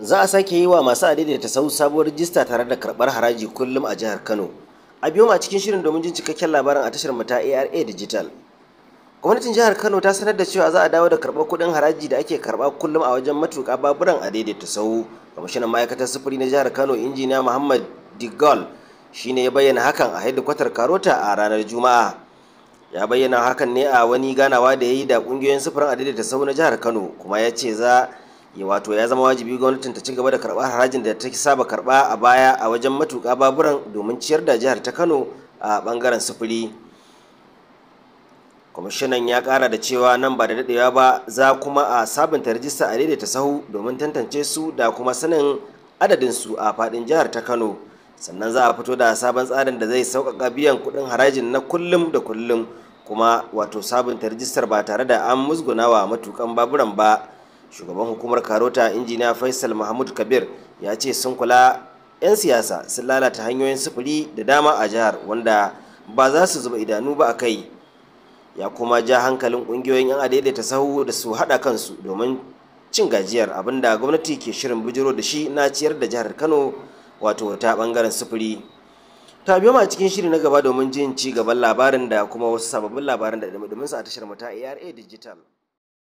za a sake yi wa masu adaidaita sau sabuwar rijista tare da karɓar haraji kullum a jihar kano a biyo a cikin shirin domin jin cikakken labarin a tashar mata ara digital gwamnatin jihar kano ta sanar da cewa za a dawo da karɓar kuɗin haraji da ake karɓa kullum a wajen matuƙa baburan adaidaita sau kamishinan ma'aikatar sufuri na jihar kano injiniya muhammad digol shine ya bayyana hakan a hedikwatar karota a ranar juma'a ya bayyana hakan ne a wani ganawa da ya yi da ƙungiyoyin sufurin adaidaita sau na jihar kano kuma ya ce za wato ya zama wajibi gwamnatin ta ci gaba da karɓar harajin da ta saba karɓa a baya a wajen matuƙa baburan domin ciyar da jihar ta kano a ɓangaren sufuri kwamishinan ya kara da cewa nan ba da daɗewa ba za kuma a sabunta rajista a daidaita sahu domin tantance su da kuma sanin adadin su a faɗin jihar ta kano sannan za a fito da sabon tsarin da zai sauƙaƙa biyan kuɗin harajin na kullum da kullum kuma wato sabunta rajistar ba tare da an musgunawa matuƙan baburan ba shugaban hukumar karota injiniya faisal mahmud kabir ya ce sun kula 'yan siyasa sun lalata hanyoyin sufuri da dama a jihar wanda ba za su zuba idanu ba a kai ya kuma ja hankalin kungiyoyin 'yan ta sahu da su haɗa kansu domin cin gajiyar abinda gwamnati ke shirin bujiro da shi na ciyar da jihar kano wato ta ɓangaren sufuri ta biyo ma cikin shiri na gaba domin jin ci gaban labarin da kuma wasu sababbin labarin da dumi a tashar mu ARA Digital.